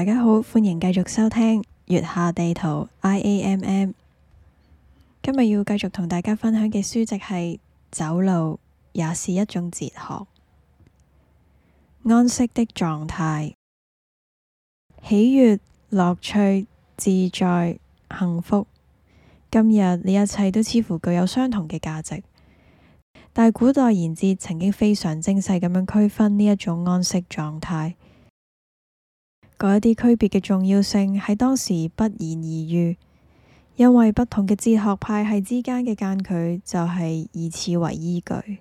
大家好，歡迎繼續收聽月下地圖 I A M M。今日要繼續同大家分享嘅書籍係《走路也是一種哲學》。安適的狀態、喜悅、樂趣、自在、幸福，今日呢一切都似乎具有相同嘅價值。但古代言之，曾經非常精細咁樣區分呢一種安適狀態。嗰一啲區別嘅重要性喺當時不言而喻，因為不同嘅哲學派系之間嘅間距就係以此為依據。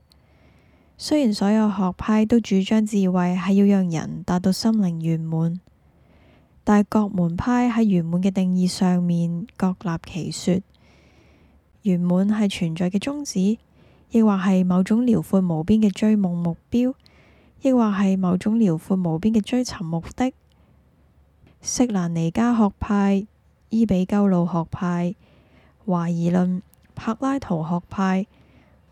雖然所有學派都主張智慧係要讓人達到心靈圓滿，但各門派喺圓滿嘅定義上面各立其說。圓滿係存在嘅宗旨，亦或係某種遼闊無邊嘅追夢目標，亦或係某種遼闊無邊嘅追尋目的。色蘭尼加學派、伊比鳩魯學派、懷疑論、柏拉圖學派，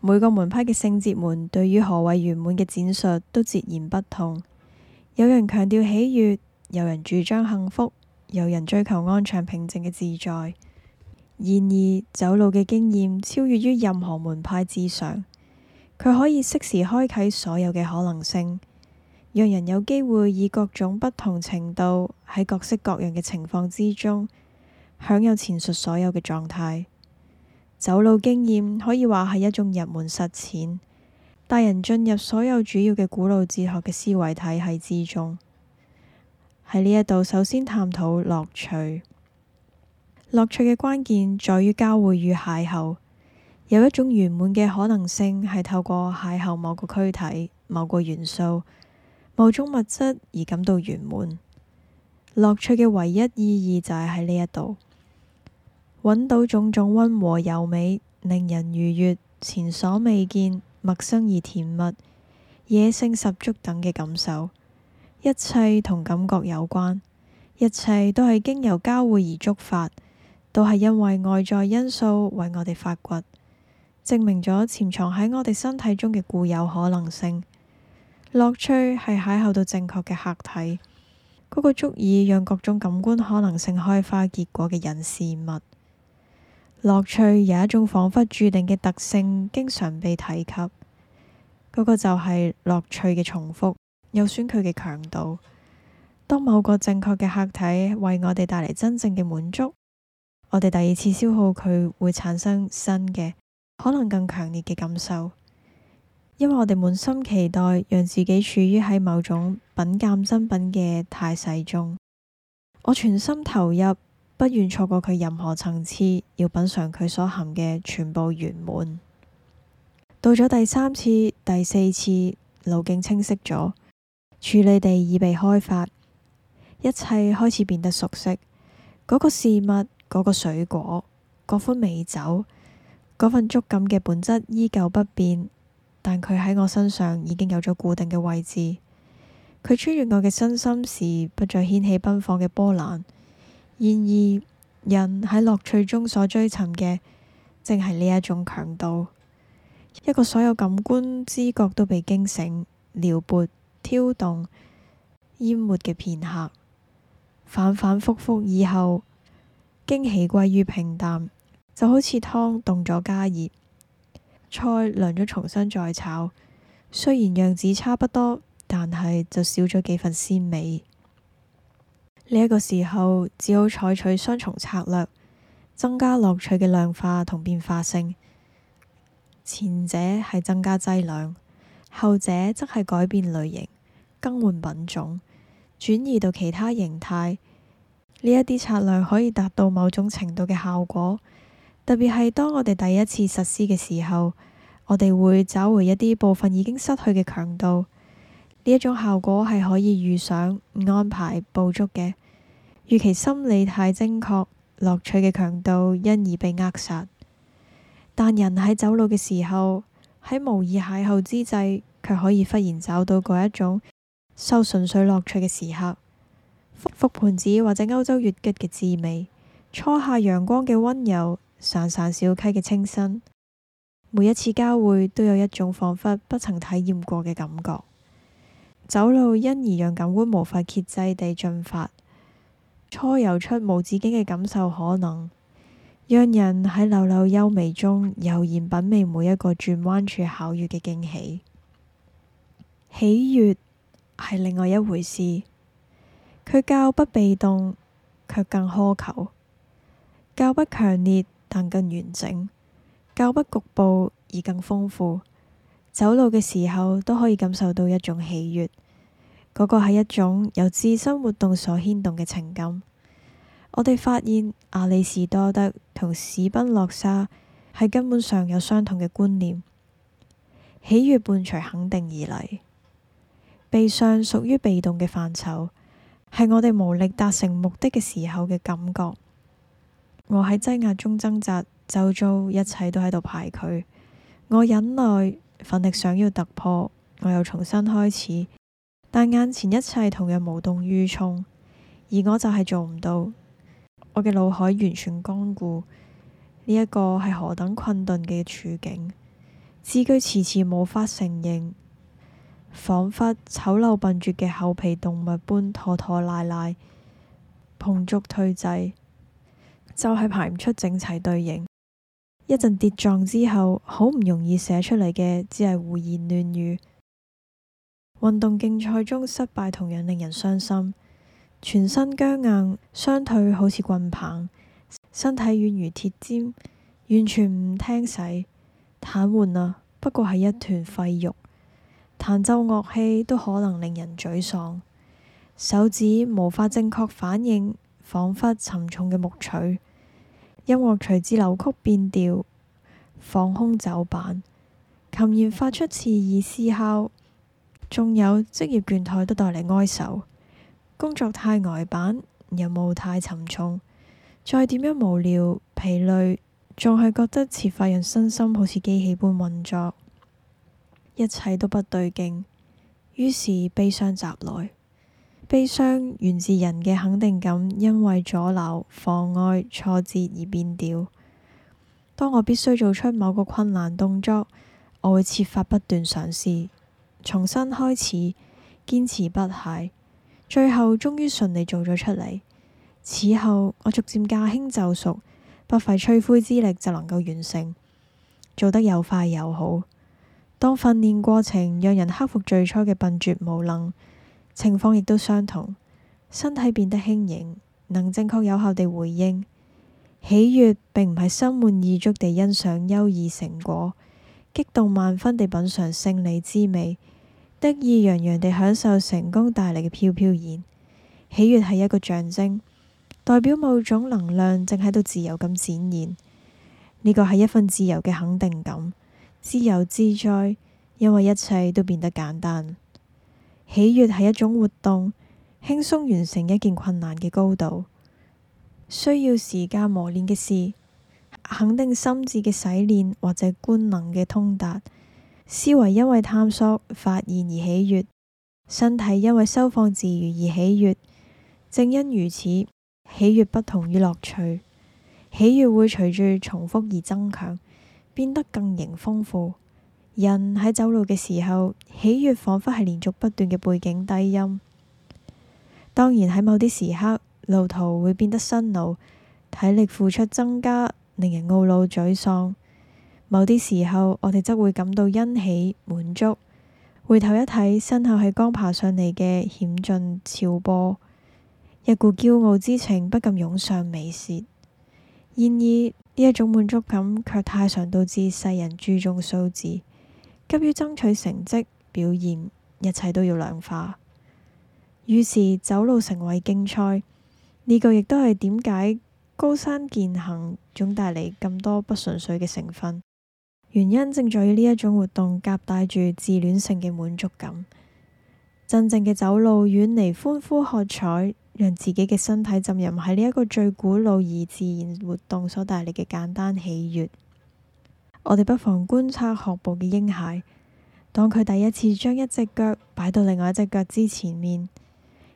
每個門派嘅聖哲們對於何為圓滿嘅展述都截然不同。有人強調喜悅，有人主張幸福，有人追求安詳平靜嘅自在。然而，走路嘅經驗超越於任何門派之上，佢可以適時開啟所有嘅可能性。讓人有機會以各種不同程度喺各式各樣嘅情況之中，享有前述所有嘅狀態。走路經驗可以話係一種入門實踐，帶人進入所有主要嘅古老哲學嘅思維體系之中。喺呢一度，首先探討樂趣。樂趣嘅關鍵在於交匯與邂逅，有一種圓滿嘅可能性係透過邂逅某個軀體、某個元素，某種物質而感到圓滿，樂趣嘅唯一意義就係喺呢一度，揾到種種温和柔美、令人愉悅、前所未見、陌生而甜蜜、野性十足等嘅感受。一切同感覺有關，一切都係經由交匯而觸發，都係因為外在因素為我哋發掘，證明咗潛藏喺我哋身體中嘅固有可能性。樂趣係邂逅到正確嘅客體，嗰、那個足以讓各種感官可能性開花結果嘅人事物。樂趣有一種仿佛注定嘅特性，經常被提及。嗰、那個就係樂趣嘅重複，又損佢嘅強度。當某個正確嘅客體為我哋帶嚟真正嘅滿足，我哋第二次消耗佢，會產生新嘅可能更強烈嘅感受。因為我哋滿心期待，讓自己處於喺某種品鑒新品嘅態勢中。我全心投入，不願錯過佢任何層次，要品嘗佢所含嘅全部圓滿。到咗第三次、第四次，路徑清晰咗，處理地已被開發，一切開始變得熟悉。嗰個事物、嗰個水果、嗰款美酒、嗰份觸感嘅本質依舊不變。但佢喺我身上已經有咗固定嘅位置，佢穿越我嘅身心時不再掀起奔放嘅波瀾，然而人喺樂趣中所追尋嘅正係呢一種強度，一個所有感官知覺都被驚醒、撩撥、挑動、淹沒嘅片刻，反反复覆以後，驚喜歸於平淡，就好似湯凍咗加熱。菜涼咗，重新再炒，雖然樣子差不多，但係就少咗幾份鮮味。呢一個時候，只好採取雙重策略，增加樂趣嘅量化同變化性。前者係增加劑量，後者則係改變類型、更換品種、轉移到其他形態。呢一啲策略可以達到某種程度嘅效果。特別係當我哋第一次實施嘅時候，我哋會找回一啲部分已經失去嘅強度。呢一種效果係可以遇上、安排、捕捉嘅。預期心理太精確，樂趣嘅強度因而被扼殺。但人喺走路嘅時候，喺無意邂逅之際，卻可以忽然找到嗰一種受純粹樂趣嘅時刻。覆覆盆子或者歐洲月吉嘅滋味，初夏陽光嘅溫柔。潺潺小溪嘅清新，每一次交會都有一種仿佛不曾體驗過嘅感覺。走路因而讓感官無法遏制地進發，初游出無止境嘅感受可能，讓人喺流流幽微中悠然品味每一個轉彎處巧遇嘅驚喜。喜悦係另外一回事，佢較不被動，卻更苛求，較不強烈。但更完整，較不局部而更豐富。走路嘅時候都可以感受到一種喜悅，嗰個係一種由自身活動所牽動嘅情感。我哋發現亞里士多德同史賓諾莎係根本上有相同嘅觀念，喜悅伴隨肯定而嚟，悲傷屬於被動嘅範疇，係我哋無力達成目的嘅時候嘅感覺。我喺擠壓中掙扎，周遭一切都喺度排拒。我忍耐，奮力想要突破，我又重新開始，但眼前一切同樣無動於衷，而我就係做唔到。我嘅腦海完全乾固，呢一個係何等困頓嘅處境，字句遲遲無法承認，仿佛醜陋笨拙嘅厚皮動物般拖拖拉拉，碰足退擠。就係排唔出整齊隊形，一陣跌撞之後，好唔容易寫出嚟嘅，只係胡言亂語。運動競賽中失敗同樣令人傷心，全身僵硬，雙腿好似棍棒，身體軟如鐵尖，完全唔聽使。癱瘓啊，不過係一團廢肉。彈奏樂器都可能令人沮喪，手指無法正確反應，仿佛沉重嘅木槌。音樂隨之扭曲變調，放空走板，琴弦發出刺耳嘶吼，仲有職業倦怠都帶嚟哀愁。工作太呆板，任務太沉重，再點樣無聊、疲累，仲係覺得似法人身心好似機器般運作，一切都不對勁，於是悲傷襲來。悲傷源自人嘅肯定感，因為阻撓、妨礙、挫折而變調。當我必須做出某個困難動作，我會設法不斷嘗試、重新開始、堅持不懈，最後終於順利做咗出嚟。此後，我逐漸駕輕就熟，不費吹灰之力就能夠完成，做得又快又好。當訓練過程讓人克服最初嘅笨拙無能。情況亦都相同，身體變得輕盈，能正確有效地回應。喜悅並唔係心滿意足地欣賞優異成果，激動萬分地品嘗勝利之味，得意洋洋地享受成功帶嚟嘅飄飄然。喜悅係一個象徵，代表某種能量正喺度自由咁展現。呢個係一份自由嘅肯定感，自由自在，因為一切都變得簡單。喜悅係一種活動，輕鬆完成一件困難嘅高度，需要時間磨練嘅事，肯定心智嘅洗練或者官能嘅通達。思維因為探索發現而喜悅，身體因為收放自如而喜悅。正因如此，喜悅不同於樂趣。喜悅會隨住重複而增強，變得更形豐富。人喺走路嘅時候，喜悦仿佛係連續不斷嘅背景低音。當然喺某啲時刻，路途會變得辛勞，體力付出增加，令人懊惱沮喪。某啲時候，我哋則會感到欣喜滿足，回頭一睇，身後係剛爬上嚟嘅險峻峭坡，一股驕傲之情不禁湧上眉睫。然而呢一種滿足感，卻太常導致世人注重數字。急於爭取成績表現，一切都要量化。於是走路成為競賽，呢個亦都係點解高山健行總帶嚟咁多不純粹嘅成分。原因正在於呢一種活動夾帶住自戀性嘅滿足感。真正嘅走路，遠離歡呼喝彩，讓自己嘅身體浸入，喺呢一個最古老而自然活動所帶嚟嘅簡單喜悦。我哋不妨觀察學步嘅嬰孩，當佢第一次將一隻腳擺到另外一隻腳之前面，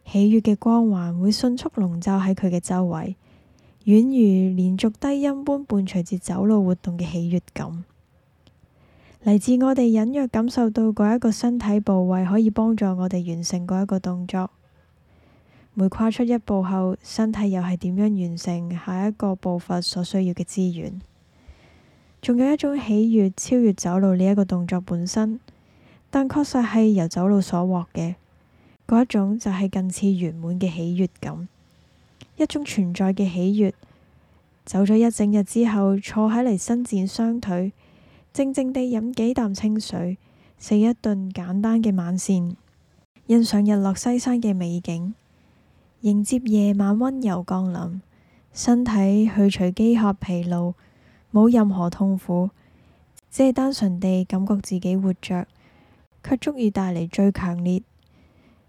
喜悦嘅光環會迅速籠罩喺佢嘅周圍，宛如連續低音般伴隨住走路活動嘅喜悦感，嚟自我哋隱約感受到嗰一個身體部位可以幫助我哋完成嗰一個動作。每跨出一步後，身體又係點樣完成下一個步伐所需要嘅資源？仲有一種喜悦，超越走路呢一個動作本身，但確實係由走路所獲嘅嗰一種，就係近似圓滿嘅喜悦感，一種存在嘅喜悦。走咗一整日之後，坐喺嚟伸展雙腿，靜靜地飲幾啖清水，食一頓簡單嘅晚膳，欣賞日落西山嘅美景，迎接夜晚温柔降臨，身體去除飢渴疲勞。冇任何痛苦，只係單純地感覺自己活着，卻足以帶嚟最強烈、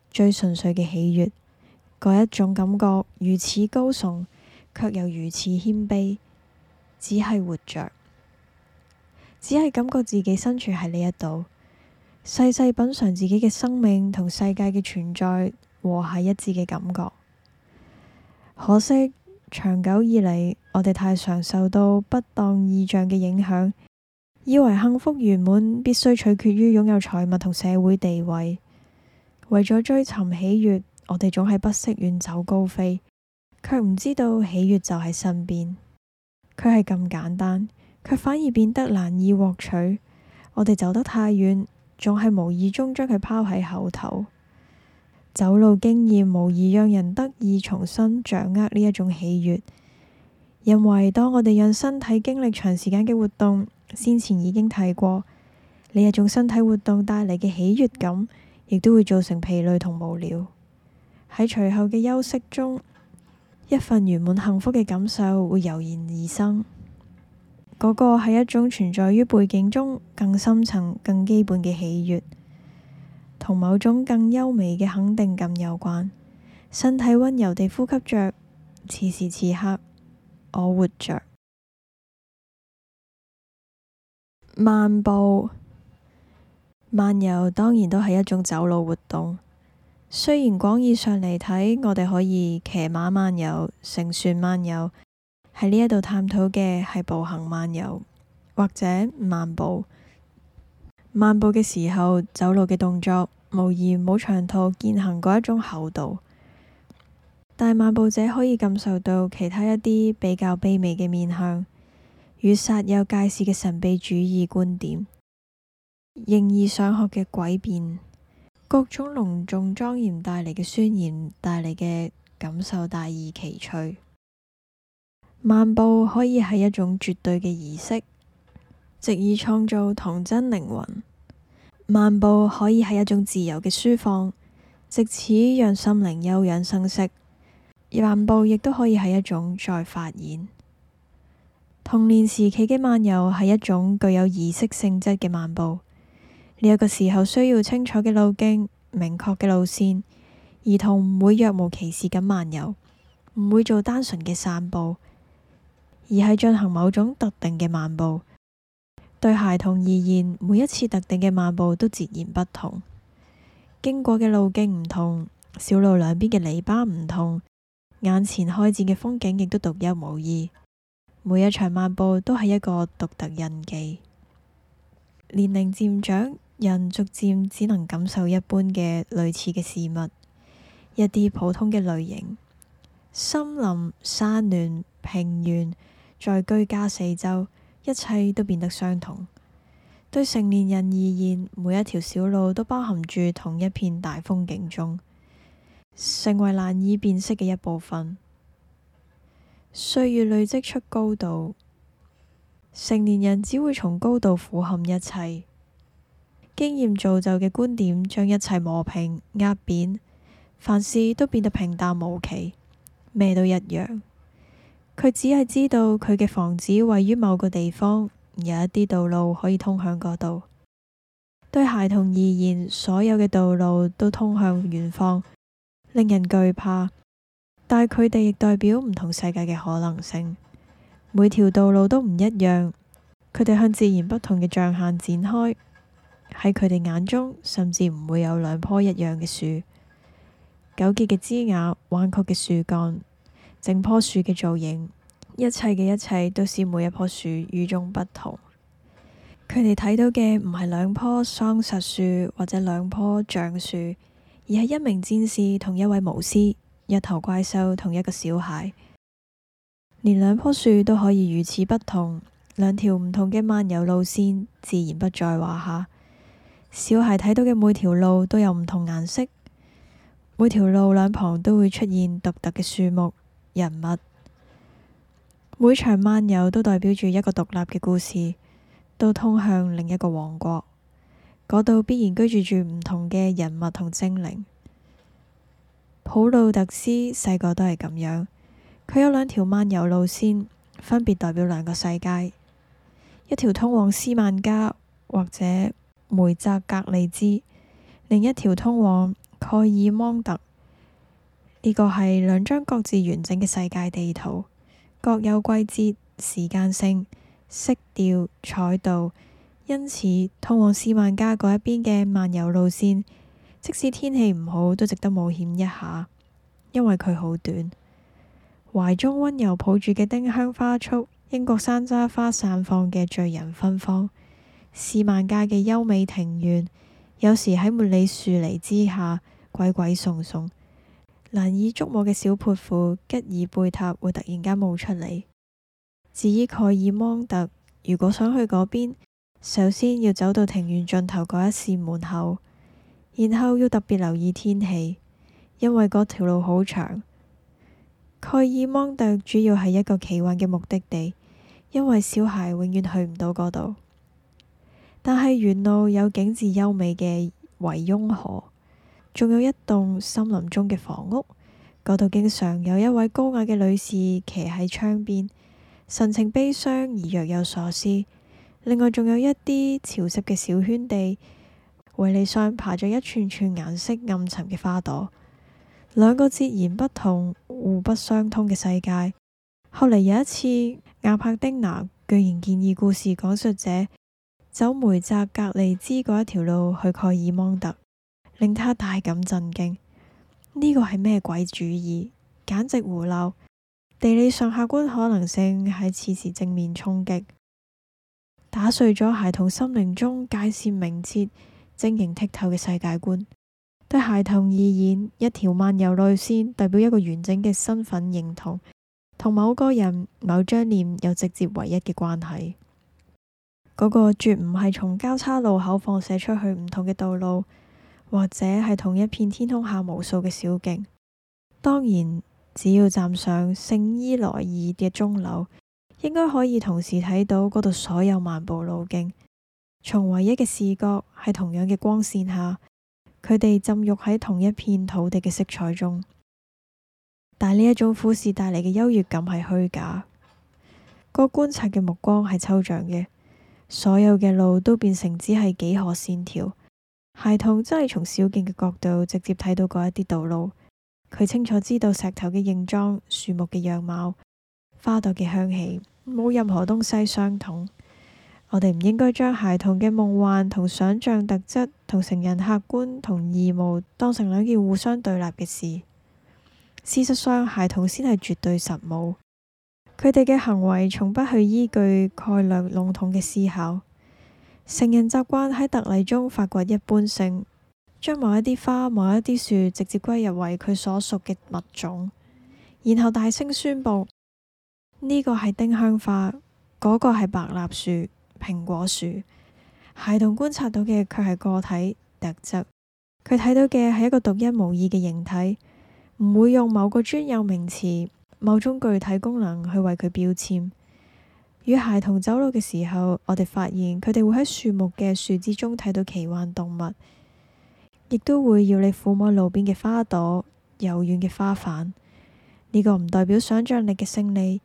最純粹嘅喜悦。嗰一種感覺如此高聳，卻又如此謙卑，只係活着，只係感覺自己身處喺呢一度，細細品嘗自己嘅生命同世界嘅存在和諧一致嘅感覺。可惜。長久以嚟，我哋太常受到不當意象嘅影響，以為幸福圓滿必須取決於擁有財物同社會地位。為咗追尋喜悅，我哋總係不惜遠走高飛，卻唔知道喜悅就喺身邊。佢係咁簡單，卻反而變得難以獲取。我哋走得太遠，總係無意中將佢拋喺後頭。走路經驗無疑讓人得以重新掌握呢一種喜悅，因為當我哋讓身體經歷長時間嘅活動，先前已經提過，呢一種身體活動帶嚟嘅喜悅感，亦都會造成疲累同無聊。喺隨後嘅休息中，一份圓滿幸福嘅感受會油然而生。嗰個係一種存在於背景中更深層、更基本嘅喜悅，同某種更優美嘅肯定感有關，身體溫柔地呼吸着，此時此刻，我活着。漫步、漫遊當然都係一種走路活動，雖然廣義上嚟睇，我哋可以騎馬漫遊、乘船漫遊，喺呢一度探討嘅係步行漫遊或者漫步。漫步嘅時候，走路嘅動作無疑冇長途健行嗰一種厚度，但漫步者可以感受到其他一啲比較卑微嘅面向，與煞有介事嘅神秘主義觀點，形而上學嘅詭辯，各種隆重莊嚴帶嚟嘅宣言帶嚟嘅感受大異其趣。漫步可以係一種絕對嘅儀式。直以創造童真靈魂，漫步可以係一種自由嘅舒放，直此讓心靈休養生息。而漫步亦都可以係一種再發現童年時期嘅漫遊，係一種具有儀式性質嘅漫步。呢、這、一個時候需要清楚嘅路徑、明確嘅路線，兒童唔會若無其事咁漫遊，唔會做單純嘅散步，而係進行某種特定嘅漫步。對孩童而言，每一次特定嘅漫步都截然不同，經過嘅路徑唔同，小路兩邊嘅籬笆唔同，眼前開展嘅風景亦都獨一無二。每一場漫步都係一個獨特印記。年齡漸長，人逐漸只能感受一般嘅類似嘅事物，一啲普通嘅類型：森林、山巒、平原，在居家四周。一切都變得相同，對成年人而言，每一條小路都包含住同一片大風景中，成為難以辨識嘅一部分。歲月累積出高度，成年人只會從高度俯瞰一切，經驗造就嘅觀點將一切磨平壓扁，凡事都變得平淡無奇，咩都一樣。佢只係知道佢嘅房子位於某個地方，有一啲道路可以通向嗰度。對孩童而言，所有嘅道路都通向遠方，令人懼怕。但係佢哋亦代表唔同世界嘅可能性。每條道路都唔一樣，佢哋向自然不同嘅象限展開。喺佢哋眼中，甚至唔會有兩棵一樣嘅樹。糾結嘅枝椏，彎曲嘅樹幹。整棵樹嘅造型，一切嘅一切都使每一棵樹與眾不同。佢哋睇到嘅唔係兩棵桑實樹或者兩棵橡樹，而係一名戰士同一位巫師、一頭怪獸同一個小孩。連兩棵樹都可以如此不同，兩條唔同嘅漫遊路線自然不在話下。小孩睇到嘅每條路都有唔同顏色，每條路兩旁都會出現獨特嘅樹木。人物每場漫遊都代表住一個獨立嘅故事，都通向另一個王國。嗰度必然居住住唔同嘅人物同精靈。普魯特斯細個都係咁樣，佢有兩條漫遊路線，分別代表兩個世界：一條通往斯曼加或者梅澤格利茲，另一條通往蓋爾芒特。呢個係兩張各自完整嘅世界地圖，各有季節、時間性、色調、綵度，因此通往斯萬家嗰一邊嘅漫遊路線，即使天氣唔好，都值得冒險一下，因為佢好短。懷中溫柔抱住嘅丁香花束，英國山楂花散放嘅醉人芬芳，斯萬家嘅優美庭院，有時喺茉莉樹籬之下，鬼鬼祟祟。難以捉摸嘅小潑婦吉爾貝塔會突然間冒出嚟。至於蓋爾芒特，如果想去嗰邊，首先要走到庭院盡頭嗰一扇門口，然後要特別留意天氣，因為嗰條路好長。蓋爾芒特主要係一個奇幻嘅目的地，因為小孩永遠去唔到嗰度。但係沿路有景致優美嘅維翁河。仲有一棟森林中嘅房屋，嗰度經常有一位高雅嘅女士騎喺窗邊，神情悲傷而若有所思。另外，仲有一啲潮濕嘅小圈地，圍籬上爬着一串串顏色暗沉嘅花朵。兩個截然不同、互不相通嘅世界。後嚟有一次，亞柏丁拿居然建議故事講述者走梅澤格利茲嗰一條路去蓋爾芒特。令他大感震驚，呢、這個係咩鬼主意？簡直胡鬧！地理上下觀可能性喺此時正面衝擊，打碎咗孩童心靈中界線明澈、晶瑩剔透嘅世界觀。對孩童而言，一條漫遊路線代表一個完整嘅身份認同，同某個人、某張臉有直接唯一嘅關係。嗰、那個絕唔係從交叉路口放射出去唔同嘅道路。或者係同一片天空下無數嘅小徑，當然只要站上聖伊萊爾嘅鐘樓，應該可以同時睇到嗰度所有漫步路徑。從唯一嘅視角，喺同樣嘅光線下，佢哋浸浴喺同一片土地嘅色彩中。但呢一種俯視帶嚟嘅優越感係虛假，個觀察嘅目光係抽象嘅，所有嘅路都變成只係幾何線條。孩童真係從小見嘅角度直接睇到嗰一啲道路，佢清楚知道石頭嘅形狀、樹木嘅樣貌、花朵嘅香氣，冇任何東西相同。我哋唔應該將孩童嘅夢幻同想象特質同成人客觀同義務當成兩件互相對立嘅事。事實上，孩童先係絕對實務，佢哋嘅行為從不去依據概略籠統嘅思考。成人習慣喺特例中發掘一般性，將某一啲花、某一啲樹直接歸入為佢所屬嘅物種，然後大聲宣布，呢個係丁香花，嗰個係白蠟樹、蘋果樹。孩童觀察到嘅卻係個體特質，佢睇到嘅係一個獨一無二嘅形體，唔會用某個專有名詞、某種具體功能去為佢標籤。與孩童走路嘅時候，我哋發現佢哋會喺樹木嘅樹枝中睇到奇幻動物，亦都會要你撫摸路邊嘅花朵、柔軟嘅花瓣。呢個唔代表想象力嘅勝利，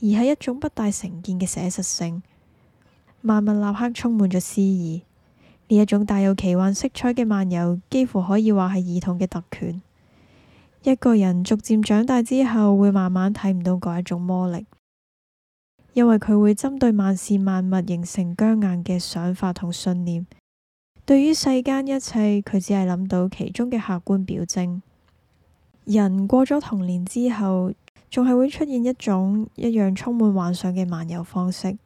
而係一種不帶成見嘅寫實性。萬物立刻充滿咗詩意。呢一種帶有奇幻色彩嘅漫遊，幾乎可以話係兒童嘅特權。一個人逐漸長大之後，會慢慢睇唔到嗰一種魔力。因為佢會針對萬事萬物形成僵硬嘅想法同信念，對於世間一切，佢只係諗到其中嘅客觀表徵。人過咗童年之後，仲係會出現一種一樣充滿幻想嘅漫遊方式，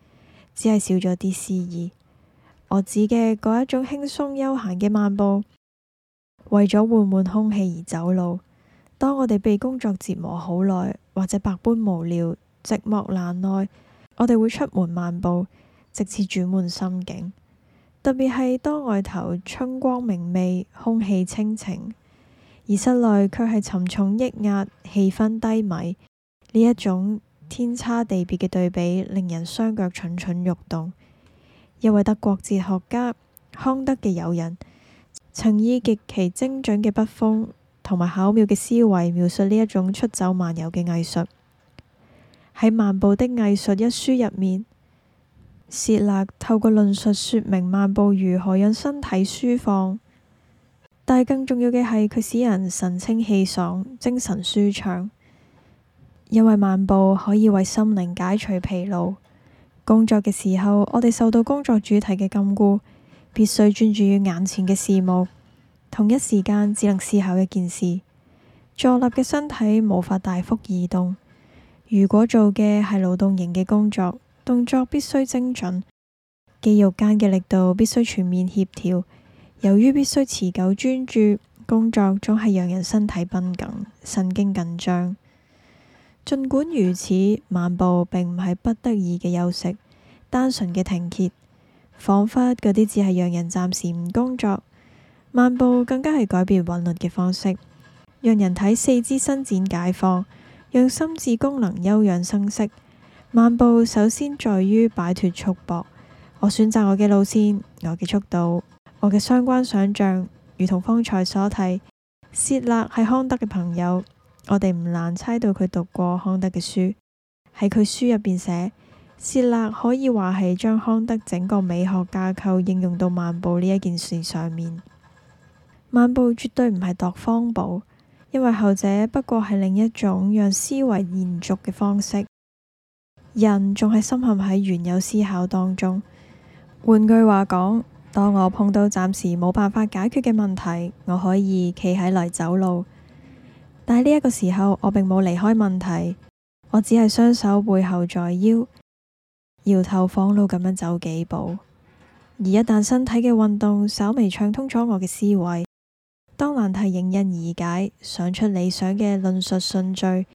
只係少咗啲詩意。我指嘅嗰一種輕鬆悠閒嘅漫步，為咗換換空氣而走路。當我哋被工作折磨好耐，或者百般無聊、寂寞難耐。我哋會出門漫步，直至轉換心境。特別係當外頭春光明媚、空氣清澄，而室內卻係沉重抑壓、氣氛低迷，呢一種天差地別嘅對比，令人雙腳蠢蠢欲動。一位德國哲學家康德嘅友人，曾以極其精準嘅筆鋒同埋巧妙嘅思維，描述呢一種出走漫遊嘅藝術。喺《漫步的藝術》一書入面，薛勒透過論述說明漫步如何讓身體舒放，但更重要嘅係佢使人神清氣爽、精神舒暢，因為漫步可以為心靈解除疲勞。工作嘅時候，我哋受到工作主題嘅禁錮，必須專注於眼前嘅事物，同一時間只能思考一件事。坐立嘅身體無法大幅移動。如果做嘅係勞動型嘅工作，動作必須精準，肌肉間嘅力度必須全面協調。由於必須持久專注，工作總係讓人身體繃緊、神經緊張。儘管如此，漫步並唔係不得已嘅休息，單純嘅停歇，仿佛嗰啲只係讓人暫時唔工作。漫步更加係改變韻律嘅方式，讓人體四肢伸展解放。讓心智功能休養生息。漫步首先在於擺脫束縛。我選擇我嘅路線，我嘅速度，我嘅相關想象。如同方才所提，薛勒係康德嘅朋友，我哋唔難猜到佢讀過康德嘅書。喺佢書入邊寫，薛勒可以話係將康德整個美學架構應用到漫步呢一件事上面。漫步絕對唔係踱方步。因為後者不過係另一種讓思維延續嘅方式，人仲係深陷喺原有思考當中。換句話講，當我碰到暫時冇辦法解決嘅問題，我可以企起嚟走路，但係呢一個時候我並冇離開問題，我只係雙手背後在腰，搖頭晃腦咁樣走幾步，而一旦身體嘅運動稍微暢通咗我嘅思維。當難題迎刃而解，想出理想嘅論述順序，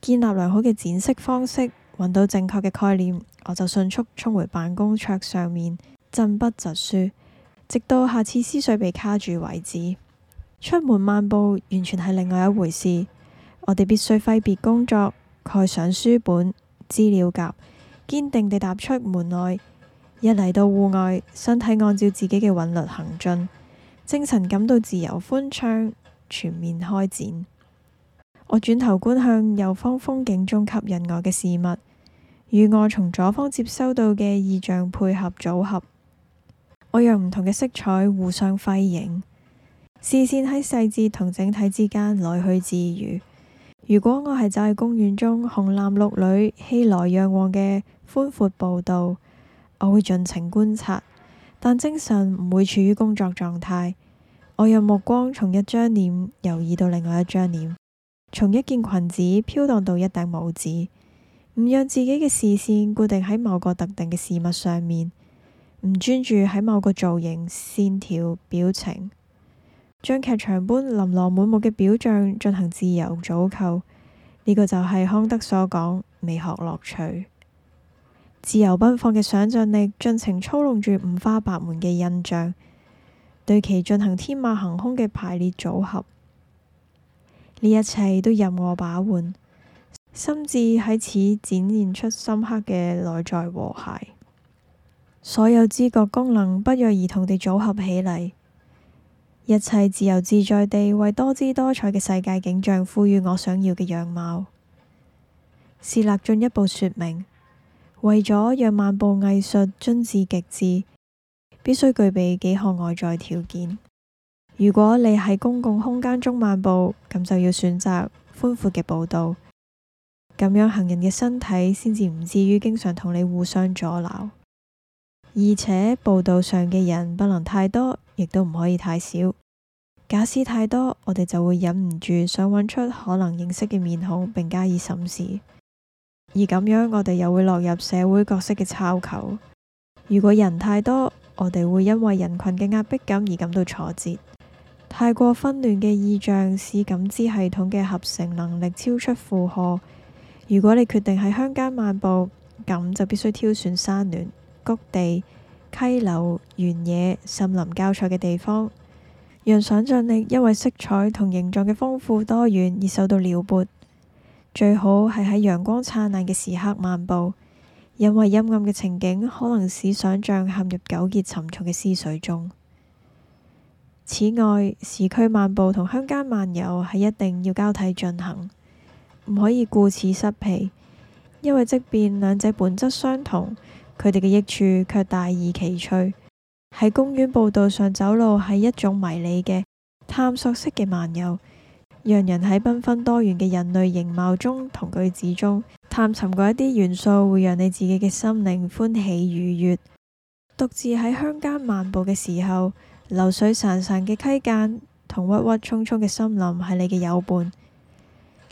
建立良好嘅展示方式，揾到正確嘅概念，我就迅速衝回辦公桌上面，振筆疾書，直到下次思緒被卡住為止。出門漫步完全係另外一回事，我哋必須揮別工作，蓋上書本、資料夾，堅定地踏出門外。一嚟到戶外，身體按照自己嘅韻律行進。精神感到自由、歡暢、全面開展。我轉頭觀向右方風景中吸引我嘅事物，與我從左方接收到嘅意象配合組合。我讓唔同嘅色彩互相輝映，視線喺細節同整體之間來去自如。如果我係在公園中紅男綠女熙來攘往嘅寬闊步道，我會盡情觀察。但精神唔會處於工作狀態，我讓目光從一張臉游移到另外一張臉，從一件裙子飄蕩到一頂帽子，唔讓自己嘅視線固定喺某個特定嘅事物上面，唔專注喺某個造型、線條、表情，將劇場般琳琅滿目嘅表象進行自由組構，呢、這個就係康德所講美學樂趣。自由奔放嘅想象力，盡情操弄住五花八門嘅印象，對其進行天馬行空嘅排列組合。呢一切都任我把玩，心智喺此展現出深刻嘅內在和諧。所有知覺功能不約而同地組合起嚟，一切自由自在地為多姿多彩嘅世界景象賦予我想要嘅樣貌。是立進一步說明。為咗讓漫步藝術臻至極致，必須具備幾項外在條件。如果你喺公共空間中漫步，咁就要選擇寬闊嘅步道，咁樣行人嘅身體先至唔至於經常同你互相阻撓。而且步道上嘅人不能太多，亦都唔可以太少。假使太多，我哋就會忍唔住想揾出可能認識嘅面孔，並加以審視。而咁樣，我哋又會落入社會角色嘅抄求。如果人太多，我哋會因為人群嘅壓迫感而感到挫折。太過分亂嘅意象，使感知系統嘅合成能力超出負荷。如果你決定喺鄉間漫步，咁就必須挑選山巒、谷地、溪流、原野、森林交錯嘅地方，讓想像力因為色彩同形狀嘅豐富多元而受到撩撥。最好係喺陽光燦爛嘅時刻漫步，因為陰暗嘅情景可能使想象陷入糾結沉重嘅思緒中。此外，市區漫步同鄉間漫遊係一定要交替進行，唔可以顧此失彼，因為即便兩者本質相同，佢哋嘅益處卻大異其趣。喺公園步道上走路係一種迷你嘅探索式嘅漫遊。讓人喺繽紛多元嘅人類形貌中同句子中探尋過一啲元素，會讓你自己嘅心靈歡喜愉悅。獨自喺鄉間漫步嘅時候，流水潺潺嘅溪澗同鬱鬱蔥蔥嘅森林係你嘅友伴。呢、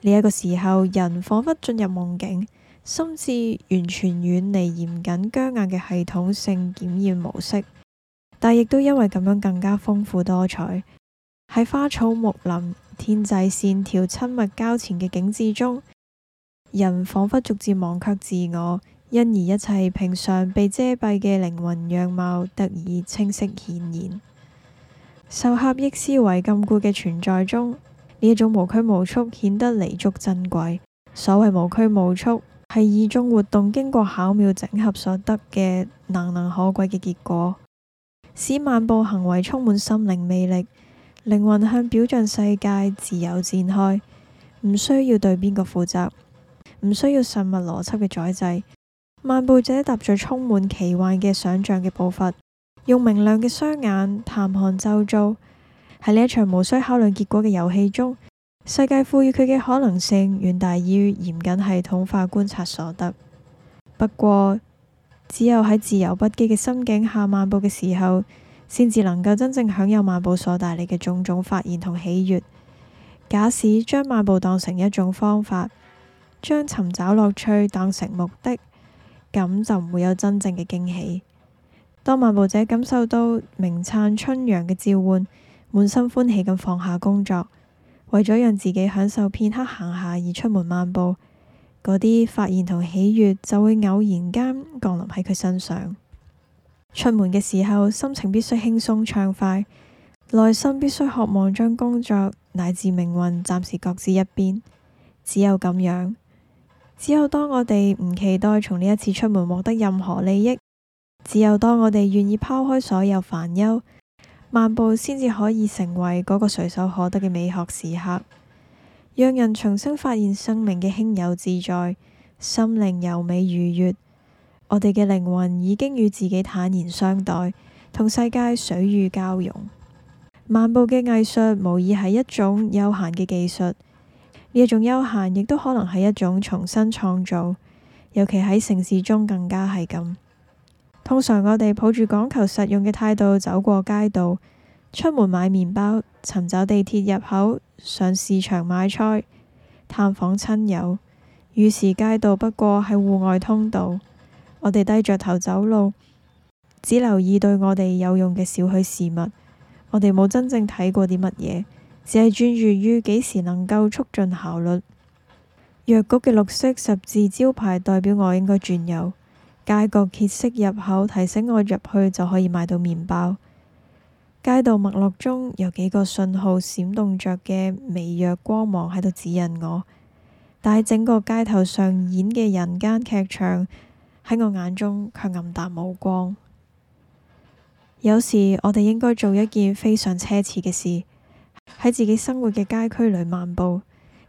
這、一個時候，人彷彿進入夢境，心智完全遠離嚴謹緊僵硬嘅系統性檢驗模式，但亦都因為咁樣更加豐富多彩。喺花草木林。天際線條親密交纏嘅景緻中，人仿佛逐漸忘卻自我，因而一切平常被遮蔽嘅靈魂樣貌得以清晰顯現。受狹隘思維禁錮嘅存在中，呢一種無拘無束顯得彌足珍貴。所謂無拘無束，係二種活動經過巧妙整合所得嘅難能可貴嘅結果，使漫步行為充滿心靈魅力。靈魂向表象世界自由展開，唔需要對邊個負責，唔需要實物邏輯嘅宰制。漫步者踏着充滿奇幻嘅想象嘅步伐，用明亮嘅雙眼探看周遭。喺呢一場無需考量結果嘅遊戲中，世界賦予佢嘅可能性遠大於嚴謹系統化觀察所得。不過，只有喺自由不羈嘅心境下漫步嘅時候。先至能夠真正享有漫步所帶嚟嘅種種發現同喜悅。假使將漫步當成一種方法，將尋找樂趣當成目的，咁就唔會有真正嘅驚喜。當漫步者感受到明燦春陽嘅召喚，滿心歡喜咁放下工作，為咗讓自己享受片刻閒暇而出門漫步，嗰啲發現同喜悅就會偶然間降臨喺佢身上。出門嘅時候，心情必須輕鬆暢快，內心必須渴望將工作乃至命運暫時擱置一邊。只有咁樣，只有當我哋唔期待從呢一次出門獲得任何利益，只有當我哋願意拋開所有煩憂，漫步先至可以成為嗰個隨手可得嘅美學時刻，讓人重新發現生命嘅輕柔自在，心靈柔美愉悅。我哋嘅靈魂已經與自己坦然相待，同世界水乳交融。漫步嘅藝術無疑係一種悠閒嘅技術，呢一種悠閒亦都可能係一種重新創造，尤其喺城市中更加係咁。通常我哋抱住講求實用嘅態度走過街道，出門買麵包，尋找地鐵入口，上市場買菜，探訪親友。於是街道不過係戶外通道。我哋低着頭走路，只留意對我哋有用嘅少許事物。我哋冇真正睇過啲乜嘢，只係專注於幾時能夠促進效率。藥局嘅綠色十字招牌代表我應該轉右，街角結色入口提醒我入去就可以買到麵包。街道脈絡中有幾個信號閃動着嘅微弱光芒喺度指引我，但係整個街頭上演嘅人間劇場，喺我眼中卻黯淡無光。有時我哋應該做一件非常奢侈嘅事，喺自己生活嘅街區裏漫步。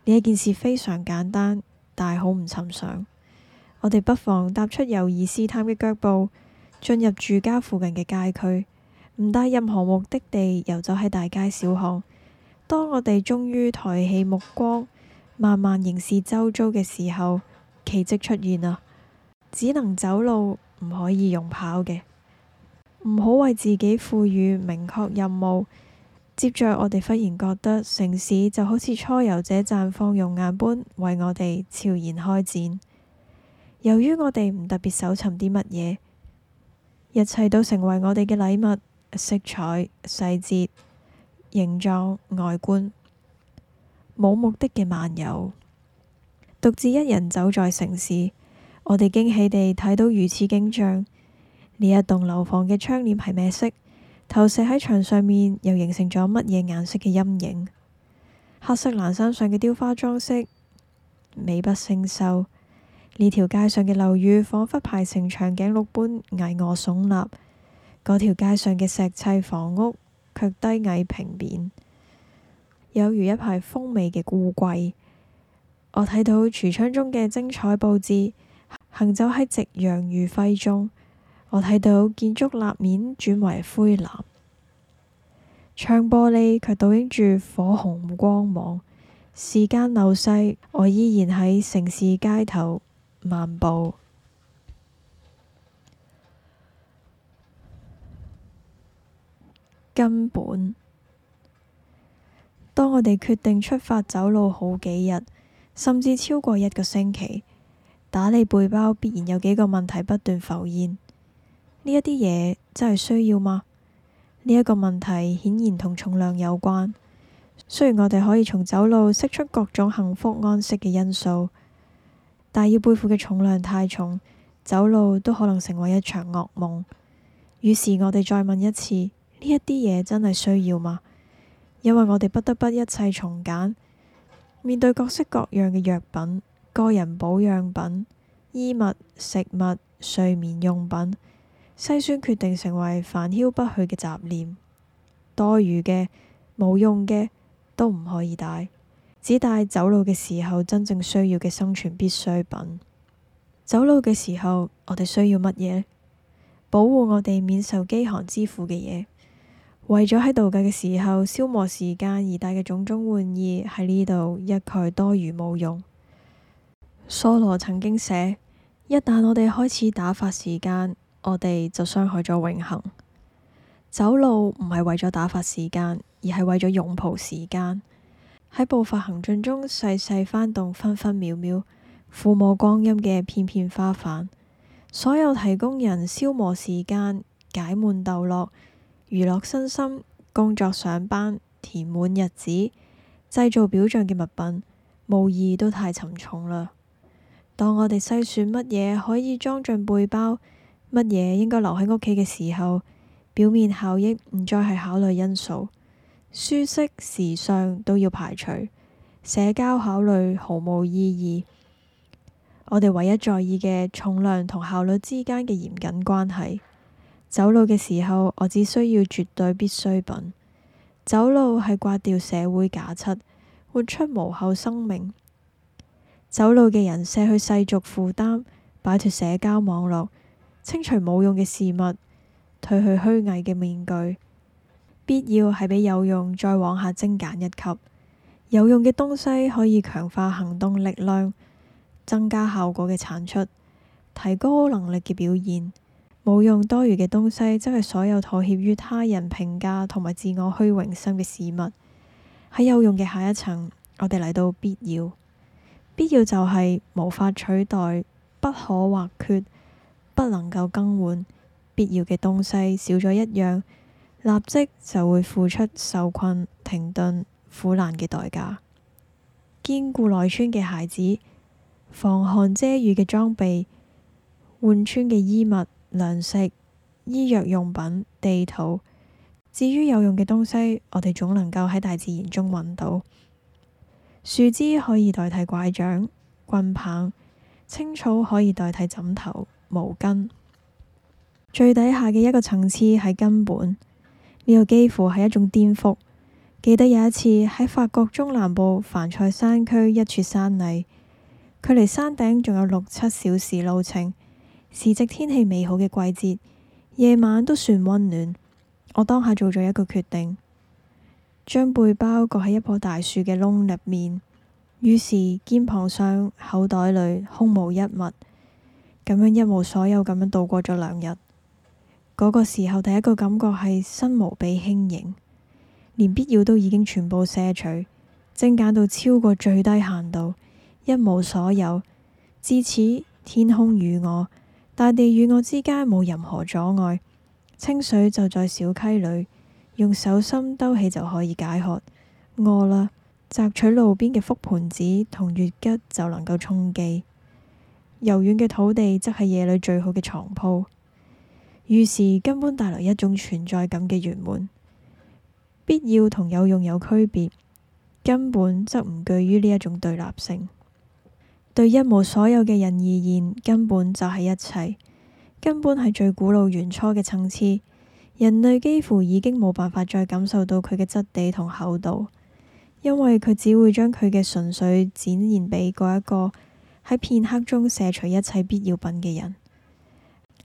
呢一件事非常簡單，但係好唔尋常。我哋不妨踏出猶疑試探嘅腳步，進入住家附近嘅街區，唔帶任何目的地遊走喺大街小巷。當我哋終於抬起目光，慢慢凝視周遭嘅時候，奇蹟出現啦！只能走路，唔可以用跑嘅。唔好為自己賦予明確任務。接着，我哋忽然覺得城市就好似初遊者綻放容顏般，為我哋悄然開展。由於我哋唔特別搜尋啲乜嘢，一切都成為我哋嘅禮物：色彩、細節、形狀、外觀。冇目的嘅漫遊，獨自一人走在城市。我哋驚喜地睇到如此景象。呢一棟樓房嘅窗簾係咩色？投射喺牆上面又形成咗乜嘢顏色嘅陰影？黑色欄杆上嘅雕花裝飾美不勝收。呢條街上嘅樓宇仿佛排成長頸鹿般巍峨聳立，嗰條街上嘅石砌房屋卻低矮平面，有如一排風尾嘅烏龜。我睇到櫥窗中嘅精彩布置。行走喺夕陽餘暉中，我睇到建築立面轉為灰藍，窗玻璃卻倒映住火紅光芒。時間流逝，我依然喺城市街頭漫步。根本，當我哋決定出發，走路好幾日，甚至超過一個星期。打理背包必然有幾個問題不斷浮現，呢一啲嘢真係需要嗎？呢一個問題顯然同重量有關。雖然我哋可以從走路識出各種幸福安適嘅因素，但要背負嘅重量太重，走路都可能成為一場噩夢。於是我哋再問一次：呢一啲嘢真係需要嗎？因為我哋不得不一切從簡，面對各式各樣嘅藥品。個人保養品、衣物、食物、睡眠用品，西宣決定成為煩囂不去嘅雜念，多餘嘅、冇用嘅都唔可以帶，只帶走路嘅時候真正需要嘅生存必需品。走路嘅時候，我哋需要乜嘢呢？保護我哋免受飢寒之苦嘅嘢，為咗喺度假嘅時候消磨時間而帶嘅種種玩意，喺呢度一概多餘冇用。梭羅曾經寫：一旦我哋開始打發時間，我哋就傷害咗永恒。走路唔係為咗打發時間，而係為咗擁抱時間。喺步伐行進中，細細翻動分分秒秒，撫摸光陰嘅片片花瓣。所有提供人消磨時間、解悶逗樂、娛樂身心、工作上班、填滿日子、製造表象嘅物品，無疑都太沉重啦。當我哋篩選乜嘢可以裝進背包，乜嘢應該留喺屋企嘅時候，表面效益唔再係考慮因素，舒適、時尚都要排除，社交考慮毫無意義。我哋唯一在意嘅重量同效率之間嘅嚴謹關係。走路嘅時候，我只需要絕對必需品。走路係刮掉社會假漆，活出無後生命。走路嘅人卸去世俗負擔，擺脫社交網絡，清除冇用嘅事物，褪去虛偽嘅面具。必要係比有用再往下精簡一級。有用嘅東西可以強化行動力量，增加效果嘅產出，提高能力嘅表現。冇用多餘嘅東西，即係所有妥協於他人評價同埋自我虛榮心嘅事物。喺有用嘅下一層，我哋嚟到必要。必要就係無法取代、不可或缺、不能夠更換、必要嘅東西少咗一樣，立即就會付出受困、停頓、苦難嘅代價。堅固耐穿嘅鞋子、防寒遮雨嘅裝備、換穿嘅衣物、糧食、醫藥用品、地圖，至於有用嘅東西，我哋總能夠喺大自然中揾到。樹枝可以代替拐杖、棍棒；青草可以代替枕頭、毛巾。最底下嘅一個層次係根本，呢個幾乎係一種顛覆。記得有一次喺法國中南部凡賽山區一處山裏，距離山頂仲有六七小時路程，時值天氣美好嘅季節，夜晚都算溫暖。我當下做咗一個決定。將背包擱喺一棵大樹嘅窿入面，於是肩膀上、口袋裏空無一物，咁樣一無所有咁樣度過咗兩日。嗰個時候第一個感覺係身無比輕盈，連必要都已經全部卸除，精簡到超過最低限度，一無所有。至此，天空與我、大地與我之間冇任何阻礙，清水就在小溪裏。用手心兜起就可以解渴，餓啦摘取路邊嘅覆盆子同越橘就能夠充飢。柔軟嘅土地則係夜裏最好嘅床鋪。於是根本帶來一種存在感嘅圓滿。必要同有用有區別，根本則唔具於呢一種對立性。對一無所有嘅人而言，根本就係一切，根本係最古老原初嘅層次。人類幾乎已經冇辦法再感受到佢嘅質地同厚度，因為佢只會將佢嘅純粹展現畀嗰一個喺片刻中卸除一切必要品嘅人。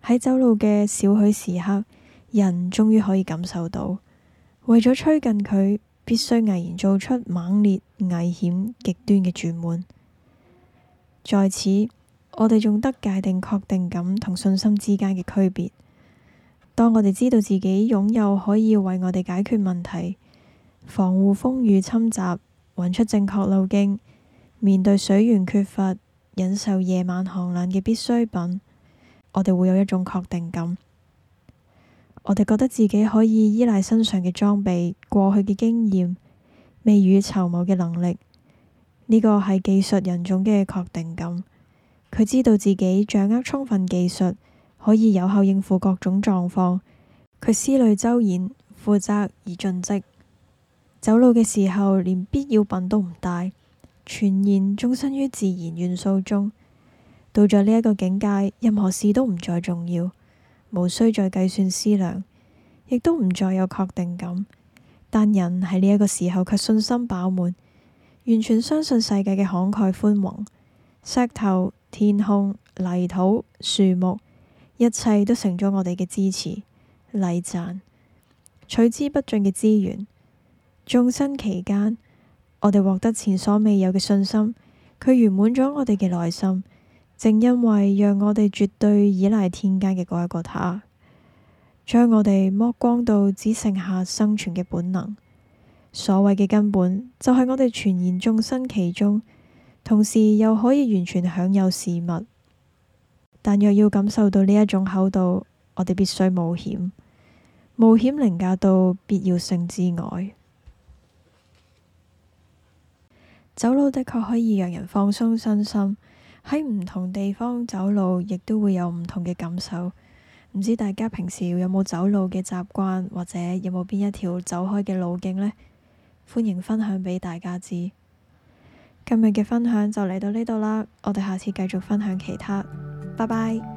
喺走路嘅少許時刻，人終於可以感受到，為咗趨近佢，必須毅然做出猛烈危險，危險，極端嘅轉換。在此，我哋仲得界定確定感同信心之間嘅區別。當我哋知道自己擁有可以為我哋解決問題、防護風雨侵襲、揾出正確路徑、面對水源缺乏、忍受夜晚寒冷嘅必需品，我哋會有一種確定感。我哋覺得自己可以依賴身上嘅裝備、過去嘅經驗、未雨綢繆嘅能力。呢個係技術人種嘅確定感。佢知道自己掌握充分技術，可以有效應付各種狀況。佢思慮周延，負責而盡職。走路嘅時候連必要品都唔帶，全然終身於自然元素中。到咗呢一個境界，任何事都唔再重要，無需再計算思量，亦都唔再有確定感。但人喺呢一個時候卻信心飽滿，完全相信世界嘅慷慨寬宏。石頭、天空、泥土、樹木。一切都成咗我哋嘅支持、禮讚、取之不盡嘅資源。眾生期間，我哋獲得前所未有嘅信心，佢圓滿咗我哋嘅內心。正因為讓我哋絕對依賴天間嘅嗰一個他，將我哋剝光到只剩下生存嘅本能。所謂嘅根本，就係我哋全然眾生其中，同時又可以完全享有事物。但若要感受到呢一種厚度，我哋必須冒險，冒險凌駕到必要性之外。走路的確可以讓人放鬆身心，喺唔同地方走路亦都會有唔同嘅感受。唔知大家平時有冇走路嘅習慣，或者有冇邊一條走開嘅路徑呢？歡迎分享俾大家知。今日嘅分享就嚟到呢度啦，我哋下次繼續分享其他。拜拜。